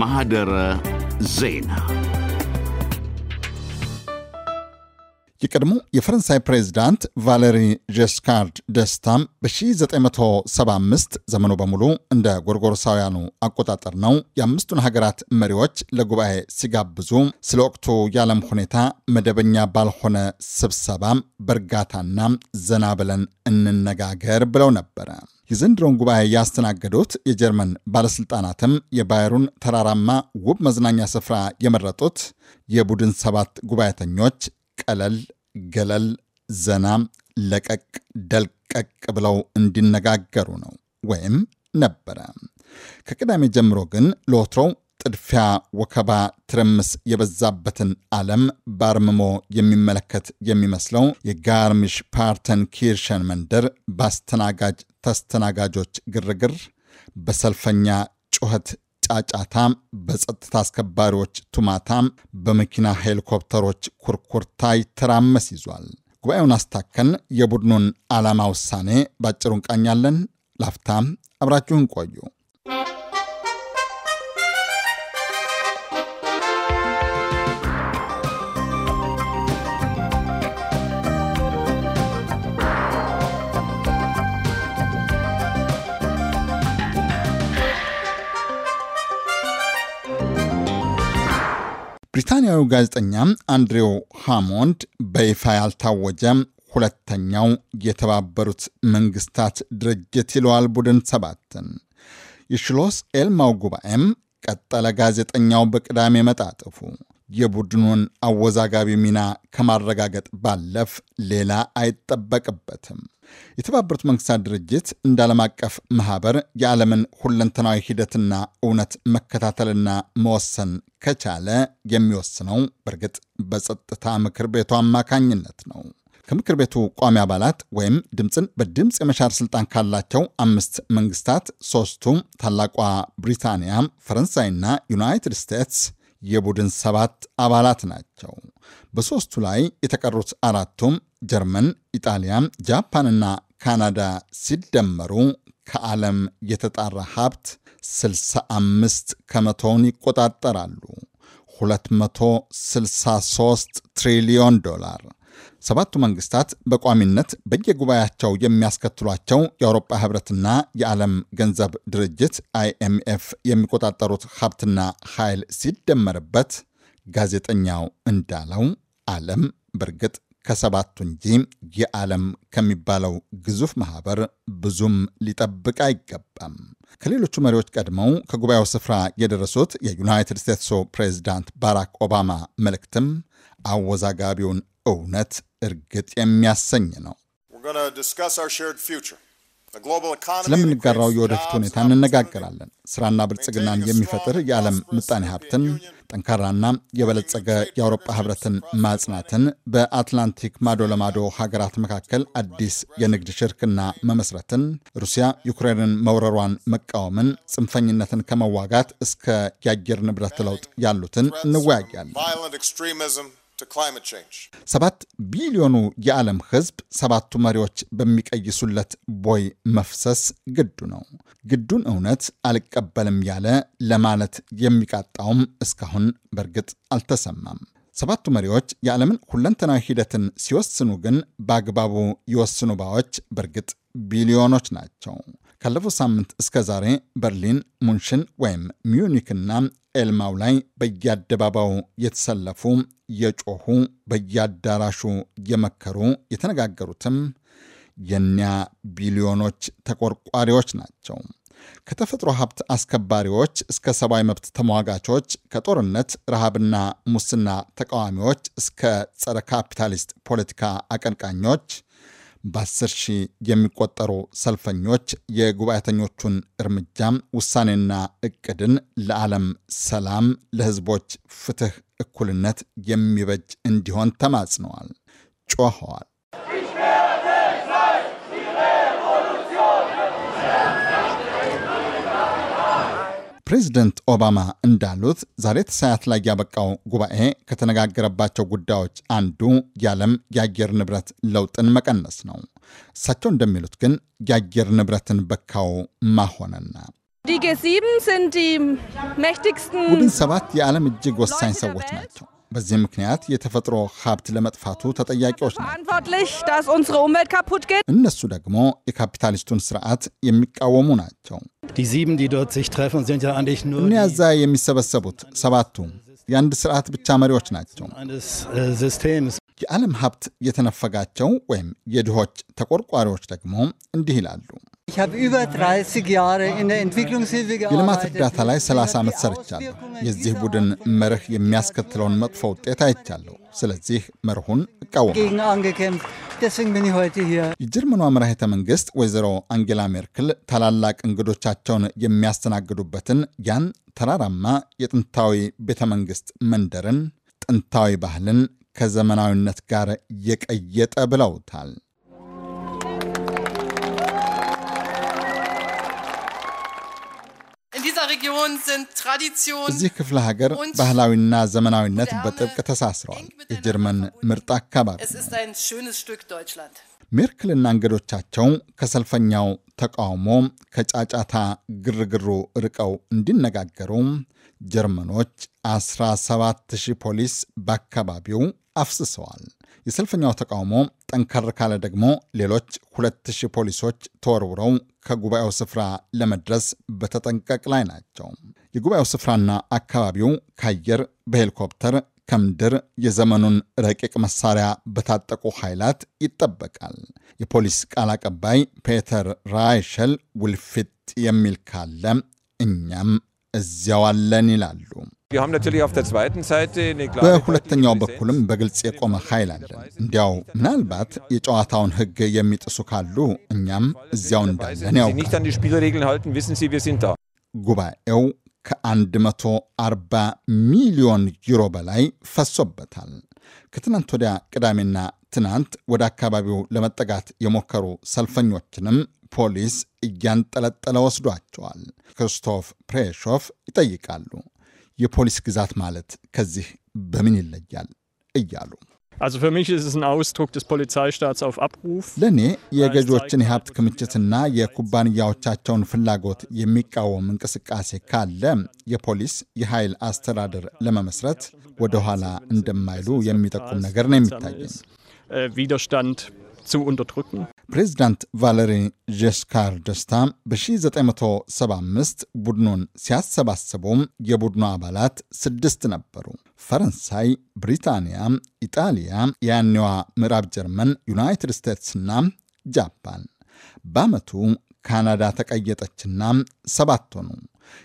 ማህደረ ዜና የቀድሞ የፈረንሳይ ፕሬዝዳንት ቫሌሪ ጀስካርድ ደስታም በ1975 ዘመኑ በሙሉ እንደ ጎርጎሮሳውያኑ አቆጣጠር ነው። የአምስቱን ሀገራት መሪዎች ለጉባኤ ሲጋብዙ ስለ ወቅቱ የዓለም ሁኔታ መደበኛ ባልሆነ ስብሰባም በእርጋታና ዘና ብለን እንነጋገር ብለው ነበረ። የዘንድሮውን ጉባኤ ያስተናገዱት የጀርመን ባለሥልጣናትም የባየሩን ተራራማ ውብ መዝናኛ ስፍራ የመረጡት የቡድን ሰባት ጉባኤተኞች ቀለል ገለል፣ ዘና፣ ለቀቅ፣ ደልቀቅ ብለው እንዲነጋገሩ ነው ወይም ነበረ። ከቅዳሜ ጀምሮ ግን ለወትሮው ጥድፊያ፣ ወከባ፣ ትርምስ የበዛበትን ዓለም በአርምሞ የሚመለከት የሚመስለው የጋርሚሽ ፓርተን ኪርሸን መንደር በአስተናጋጅ ተስተናጋጆች ግርግር፣ በሰልፈኛ ጩኸት ጫጫታ፣ በጸጥታ አስከባሪዎች ቱማታ፣ በመኪና ሄሊኮፕተሮች ኩርኩርታ ይተራመስ ይዟል። ጉባኤውን አስታከን የቡድኑን ዓላማ ውሳኔ ባጭሩ እንቃኛለን። ላፍታም አብራችሁን ቆዩ። ብሪታንያዊ ጋዜጠኛ አንድሬው ሃሞንድ በይፋ ያልታወጀ ሁለተኛው የተባበሩት መንግስታት ድርጅት ይለዋል ቡድን ሰባትን የሽሎስ ኤልማው ጉባኤም ቀጠለ። ጋዜጠኛው በቅዳሜ መጣጥፉ የቡድኑን አወዛጋቢ ሚና ከማረጋገጥ ባለፍ ሌላ አይጠበቅበትም። የተባበሩት መንግስታት ድርጅት እንደ ዓለም አቀፍ ማህበር የዓለምን ሁለንተናዊ ሂደትና እውነት መከታተልና መወሰን ከቻለ የሚወስነው በእርግጥ በጸጥታ ምክር ቤቱ አማካኝነት ነው። ከምክር ቤቱ ቋሚ አባላት ወይም ድምፅን በድምፅ የመሻር ስልጣን ካላቸው አምስት መንግስታት ሶስቱም ታላቋ ብሪታንያ፣ ፈረንሳይና ዩናይትድ ስቴትስ የቡድን ሰባት አባላት ናቸው። በሦስቱ ላይ የተቀሩት አራቱም ጀርመን፣ ኢጣሊያ፣ ጃፓንና ካናዳ ሲደመሩ ከዓለም የተጣራ ሀብት 65 ከመቶውን ይቆጣጠራሉ። 263 ትሪሊዮን ዶላር ሰባቱ መንግስታት በቋሚነት በየጉባኤያቸው የሚያስከትሏቸው የአውሮፓ ህብረትና የዓለም ገንዘብ ድርጅት አይኤምኤፍ የሚቆጣጠሩት ሀብትና ኃይል ሲደመርበት ጋዜጠኛው እንዳለው ዓለም በእርግጥ ከሰባቱ እንጂ የዓለም ከሚባለው ግዙፍ ማህበር ብዙም ሊጠብቅ አይገባም። ከሌሎቹ መሪዎች ቀድመው ከጉባኤው ስፍራ የደረሱት የዩናይትድ ስቴትሱ ፕሬዚዳንት ባራክ ኦባማ መልእክትም አወዛጋቢውን እውነት እርግጥ የሚያሰኝ ነው። ስለምንጋራው የወደፊት ሁኔታ እንነጋገራለን። ስራና ብልጽግናን የሚፈጥር የዓለም ምጣኔ ሀብትን፣ ጠንካራና የበለጸገ የአውሮፓ ህብረትን ማጽናትን፣ በአትላንቲክ ማዶ ለማዶ ሀገራት መካከል አዲስ የንግድ ሽርክና መመስረትን፣ ሩሲያ ዩክሬንን መውረሯን መቃወምን፣ ጽንፈኝነትን ከመዋጋት እስከ የአየር ንብረት ለውጥ ያሉትን እንወያያለን። ሰባት ቢሊዮኑ የዓለም ሕዝብ ሰባቱ መሪዎች በሚቀይሱለት ቦይ መፍሰስ ግዱ ነው። ግዱን እውነት አልቀበልም ያለ ለማለት የሚቃጣውም እስካሁን በእርግጥ አልተሰማም። ሰባቱ መሪዎች የዓለምን ሁለንተናዊ ሂደትን ሲወስኑ ግን በአግባቡ የወስኑ ባዎች በእርግጥ ቢሊዮኖች ናቸው። ካለፈው ሳምንት እስከ ዛሬ በርሊን፣ ሙንሽን ወይም ሚዩኒክና ኤልማው ላይ በየአደባባዩ የተሰለፉ የጮኹ፣ በየአዳራሹ የመከሩ የተነጋገሩትም የኒያ ቢሊዮኖች ተቆርቋሪዎች ናቸው። ከተፈጥሮ ሀብት አስከባሪዎች እስከ ሰብአዊ መብት ተሟጋቾች፣ ከጦርነት ረሃብና ሙስና ተቃዋሚዎች እስከ ጸረ ካፒታሊስት ፖለቲካ አቀንቃኞች በ ሺህ የሚቆጠሩ ሰልፈኞች የጉባኤተኞቹን እርምጃም ውሳኔና እቅድን ለዓለም ሰላም፣ ለህዝቦች ፍትህ፣ እኩልነት የሚበጅ እንዲሆን ተማጽነዋል፣ ጮኸዋል። ፕሬዚደንት ኦባማ እንዳሉት ዛሬ ተሳያት ላይ ያበቃው ጉባኤ ከተነጋገረባቸው ጉዳዮች አንዱ የዓለም የአየር ንብረት ለውጥን መቀነስ ነው። እሳቸው እንደሚሉት ግን የአየር ንብረትን በካው ማሆነና ቡድን ሰባት የዓለም እጅግ ወሳኝ ሰዎች ናቸው። በዚህ ምክንያት የተፈጥሮ ሀብት ለመጥፋቱ ተጠያቂዎች ናቸው። እነሱ ደግሞ የካፒታሊስቱን ስርዓት የሚቃወሙ ናቸው። እነዚያ የሚሰበሰቡት ሰባቱ የአንድ ስርዓት ብቻ መሪዎች ናቸው። የዓለም ሀብት የተነፈጋቸው ወይም የድሆች ተቆርቋሪዎች ደግሞ እንዲህ ይላሉ። የልማት እርዳታ ላይ 30 ዓመት ሰርቻለሁ። የዚህ ቡድን መርህ የሚያስከትለውን መጥፎ ውጤት አይቻለሁ። ስለዚህ መርሁን እቃወማለሁ። የጀርመኗ መራሄተ መንግሥት ወይዘሮ አንጌላ ሜርክል ታላላቅ እንግዶቻቸውን የሚያስተናግዱበትን ያን ተራራማ የጥንታዊ ቤተ መንግሥት መንደርን ጥንታዊ ባህልን ከዘመናዊነት ጋር የቀየጠ ብለውታል። እዚህ ክፍለ ሀገር ባህላዊና ዘመናዊነት በጥብቅ ተሳስረዋል። የጀርመን ምርጥ አካባቢ ሜርክልና እንግዶቻቸው ከሰልፈኛው ተቃውሞ፣ ከጫጫታ ግርግሩ ርቀው እንዲነጋገሩ ጀርመኖች 17,000 ፖሊስ በአካባቢው አፍስሰዋል። የሰልፈኛው ተቃውሞ ጠንከር ካለ ደግሞ ሌሎች 2000 ፖሊሶች ተወርውረው ከጉባኤው ስፍራ ለመድረስ በተጠንቀቅ ላይ ናቸው። የጉባኤው ስፍራና አካባቢው ከአየር በሄሊኮፕተር ከምድር የዘመኑን ረቂቅ መሳሪያ በታጠቁ ኃይላት ይጠበቃል። የፖሊስ ቃል አቀባይ ፔተር ራይሸል ውልፊት የሚል ካለ እኛም እዚያዋለን ይላሉ። በሁለተኛው በኩልም በግልጽ የቆመ ኃይል አለን። እንዲያው ምናልባት የጨዋታውን ሕግ የሚጥሱ ካሉ እኛም እዚያው እንዳለን ያውቃል። ጉባኤው ከ140 ሚሊዮን ዩሮ በላይ ፈሶበታል። ከትናንት ወዲያ ቅዳሜና ትናንት ወደ አካባቢው ለመጠጋት የሞከሩ ሰልፈኞችንም ፖሊስ እያንጠለጠለ ወስዷቸዋል። ክርስቶፍ ፕሬሾፍ ይጠይቃሉ። የፖሊስ ግዛት ማለት ከዚህ በምን ይለያል እያሉ ለእኔ የገዢዎችን የሀብት ክምችትና የኩባንያዎቻቸውን ፍላጎት የሚቃወም እንቅስቃሴ ካለ የፖሊስ የኃይል አስተዳደር ለመመስረት ወደኋላ እንደማይሉ የሚጠቁም ነገር ነው የሚታየኝ። zu unterdrücken. ፕሬዚዳንት ቫለሪ ጀስካር ደስታ በ1975 ቡድኑን ሲያሰባስቡም የቡድኑ አባላት ስድስት ነበሩ። ፈረንሳይ፣ ብሪታንያ፣ ኢጣሊያ፣ ያኔዋ ምዕራብ ጀርመን፣ ዩናይትድ ስቴትስና ጃፓን። በዓመቱ ካናዳ ተቀየጠችና ሰባት ሆኑ።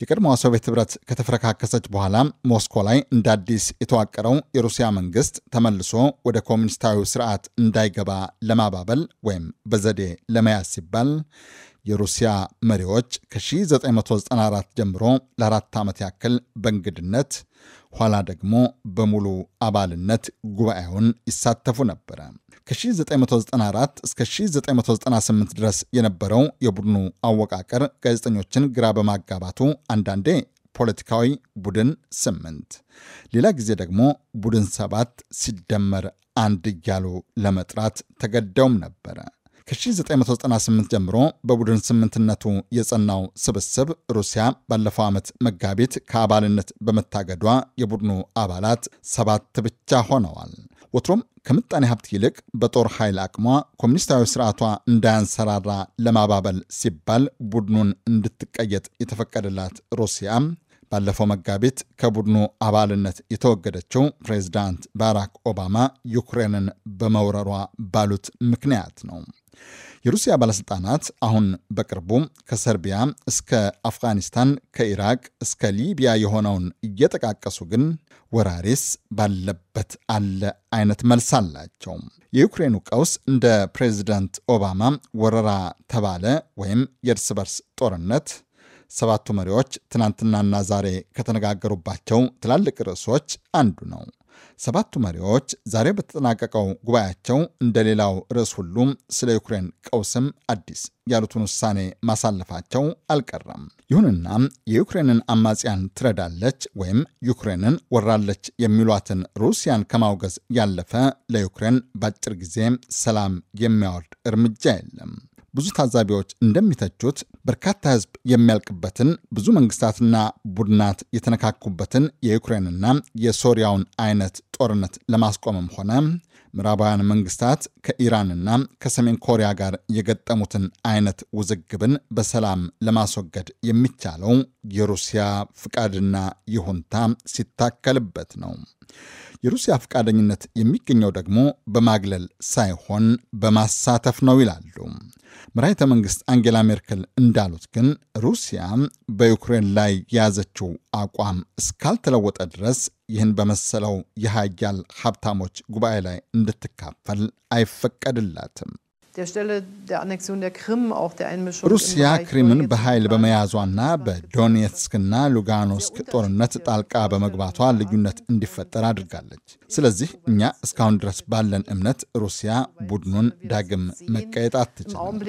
የቀድሞዋ ሶቪየት ህብረት ከተፈረካከሰች በኋላ ሞስኮ ላይ እንደ አዲስ የተዋቀረው የሩሲያ መንግስት ተመልሶ ወደ ኮሚኒስታዊው ስርዓት እንዳይገባ ለማባበል ወይም በዘዴ ለመያዝ ሲባል የሩሲያ መሪዎች ከ1994 ጀምሮ ለአራት ዓመት ያክል በእንግድነት ኋላ ደግሞ በሙሉ አባልነት ጉባኤውን ይሳተፉ ነበረ። ከ1994 እስከ 1998 ድረስ የነበረው የቡድኑ አወቃቀር ጋዜጠኞችን ግራ በማጋባቱ አንዳንዴ ፖለቲካዊ ቡድን ስምንት ሌላ ጊዜ ደግሞ ቡድን ሰባት ሲደመር አንድ እያሉ ለመጥራት ተገደውም ነበረ። ከ1998 ጀምሮ በቡድን ስምንትነቱ የጸናው ስብስብ ሩሲያ ባለፈው ዓመት መጋቢት ከአባልነት በመታገዷ የቡድኑ አባላት ሰባት ብቻ ሆነዋል። ወትሮም ከምጣኔ ሀብት ይልቅ በጦር ኃይል አቅሟ ኮሚኒስታዊ ስርዓቷ እንዳያንሰራራ ለማባበል ሲባል ቡድኑን እንድትቀየጥ የተፈቀደላት ሩሲያ ባለፈው መጋቢት ከቡድኑ አባልነት የተወገደችው ፕሬዚዳንት ባራክ ኦባማ ዩክሬንን በመውረሯ ባሉት ምክንያት ነው። የሩሲያ ባለስልጣናት አሁን በቅርቡ ከሰርቢያ እስከ አፍጋኒስታን ከኢራቅ እስከ ሊቢያ የሆነውን እየጠቃቀሱ ግን ወራሪስ ባለበት አለ አይነት መልስ አላቸው። የዩክሬኑ ቀውስ እንደ ፕሬዚደንት ኦባማ ወረራ ተባለ ወይም የእርስ በርስ ጦርነት ሰባቱ መሪዎች ትናንትናና ዛሬ ከተነጋገሩባቸው ትላልቅ ርዕሶች አንዱ ነው። ሰባቱ መሪዎች ዛሬ በተጠናቀቀው ጉባኤያቸው እንደሌላው ርዕስ ሁሉም ስለ ዩክሬን ቀውስም አዲስ ያሉትን ውሳኔ ማሳለፋቸው አልቀረም። ይሁንና የዩክሬንን አማጽያን ትረዳለች ወይም ዩክሬንን ወራለች የሚሏትን ሩሲያን ከማውገዝ ያለፈ ለዩክሬን በአጭር ጊዜ ሰላም የሚያወርድ እርምጃ የለም። ብዙ ታዛቢዎች እንደሚተቹት በርካታ ህዝብ የሚያልቅበትን ብዙ መንግስታትና ቡድናት የተነካኩበትን የዩክሬንና የሶሪያውን አይነት ጦርነት ለማስቆምም ሆነ ምዕራባውያን መንግስታት ከኢራንና ከሰሜን ኮሪያ ጋር የገጠሙትን አይነት ውዝግብን በሰላም ለማስወገድ የሚቻለው የሩሲያ ፍቃድና ይሁንታ ሲታከልበት ነው። የሩሲያ ፍቃደኝነት የሚገኘው ደግሞ በማግለል ሳይሆን በማሳተፍ ነው ይላሉ። መራሒተ መንግስት አንጌላ ሜርክል እንዳሉት ግን ሩሲያ በዩክሬን ላይ የያዘችው አቋም እስካልተለወጠ ድረስ ይህን በመሰለው የሀያል ሀብታሞች ጉባኤ ላይ እንድትካፈል አይፈቀድላትም። ሩሲያ ክሪምን በኃይል በመያዟና በዶኔትስክና ሉጋኖስክ ጦርነት ጣልቃ በመግባቷ ልዩነት እንዲፈጠር አድርጋለች። ስለዚህ እኛ እስካሁን ድረስ ባለን እምነት ሩሲያ ቡድኑን ዳግም መቀየጥ አትችልም።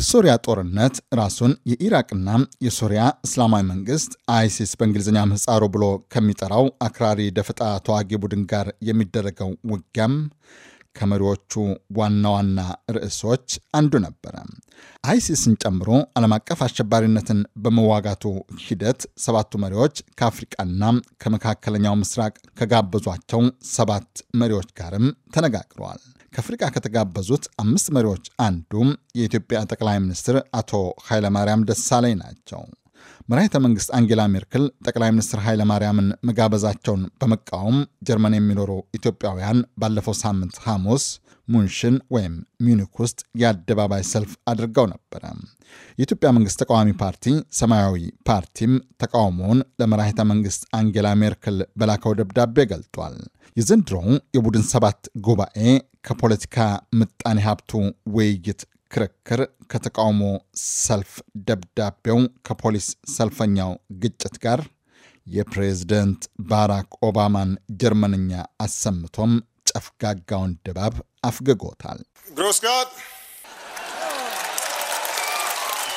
የሶሪያ ጦርነት ራሱን የኢራቅና የሶሪያ እስላማዊ መንግስት አይሲስ በእንግሊዝኛ ምህጻሩ ብሎ ከሚጠራው አክራሪ ደፈጣ ተዋጊ ቡድን ጋር የሚደረገው ውጊያም ከመሪዎቹ ዋና ዋና ርዕሶች አንዱ ነበረ። አይሲስን ጨምሮ ዓለም አቀፍ አሸባሪነትን በመዋጋቱ ሂደት ሰባቱ መሪዎች ከአፍሪቃና ከመካከለኛው ምስራቅ ከጋበዟቸው ሰባት መሪዎች ጋርም ተነጋግረዋል። ከአፍሪቃ ከተጋበዙት አምስት መሪዎች አንዱ የኢትዮጵያ ጠቅላይ ሚኒስትር አቶ ኃይለማርያም ደሳለኝ ናቸው። መራሒተ መንግስት አንጌላ ሜርክል ጠቅላይ ሚኒስትር ኃይለ ማርያምን መጋበዛቸውን በመቃወም ጀርመን የሚኖሩ ኢትዮጵያውያን ባለፈው ሳምንት ሐሙስ ሙንሽን ወይም ሚዩኒክ ውስጥ የአደባባይ ሰልፍ አድርገው ነበረ። የኢትዮጵያ መንግስት ተቃዋሚ ፓርቲ ሰማያዊ ፓርቲም ተቃውሞውን ለመራሄተ መንግስት አንጌላ ሜርክል በላከው ደብዳቤ ገልጧል። የዘንድሮው የቡድን ሰባት ጉባኤ ከፖለቲካ ምጣኔ ሀብቱ ውይይት ክርክር ከተቃውሞ ሰልፍ ደብዳቤው ከፖሊስ ሰልፈኛው ግጭት ጋር የፕሬዝደንት ባራክ ኦባማን ጀርመንኛ አሰምቶም ጨፍጋጋውን ድባብ አፍግጎታል።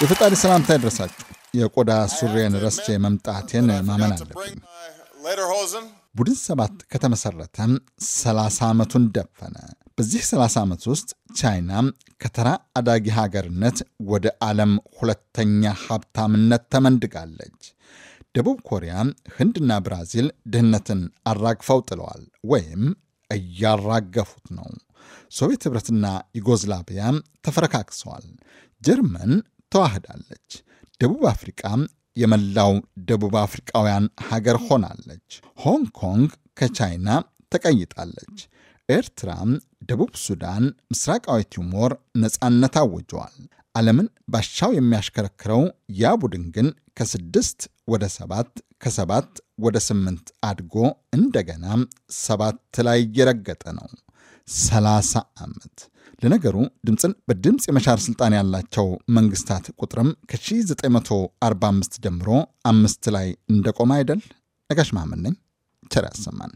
የፈጣሪ ሰላምታ ይድረሳችሁ። የቆዳ ሱሬን ረስቼ መምጣቴን ማመን አለብኝ። ቡድን ሰባት ከተመሠረተ 30 ዓመቱን ደፈነ። በዚህ 30 ዓመት ውስጥ ቻይና ከተራ አዳጊ ሀገርነት ወደ ዓለም ሁለተኛ ሀብታምነት ተመንድጋለች። ደቡብ ኮሪያ፣ ህንድና ብራዚል ድህነትን አራግፈው ጥለዋል ወይም እያራገፉት ነው። ሶቪየት ኅብረትና ዩጎዝላቪያ ተፈረካክሰዋል። ጀርመን ተዋህዳለች። ደቡብ አፍሪቃ የመላው ደቡብ አፍሪቃውያን ሀገር ሆናለች። ሆንግ ኮንግ ከቻይና ተቀይጣለች። ኤርትራ፣ ደቡብ ሱዳን፣ ምስራቃዊ ቲሞር ነፃነት አውጀዋል። ዓለምን ባሻው የሚያሽከረክረው ያ ቡድን ግን ከስድስት ወደ ሰባት ከሰባት ወደ ስምንት አድጎ እንደገና ሰባት ላይ እየረገጠ ነው። ሰላሳ ዓመት። ለነገሩ ድምፅን በድምፅ የመሻር ስልጣን ያላቸው መንግስታት ቁጥርም ከ1945 ጀምሮ አምስት ላይ እንደቆመ አይደል? ነጋሽ መሐመድ ነኝ። ቸር ያሰማን።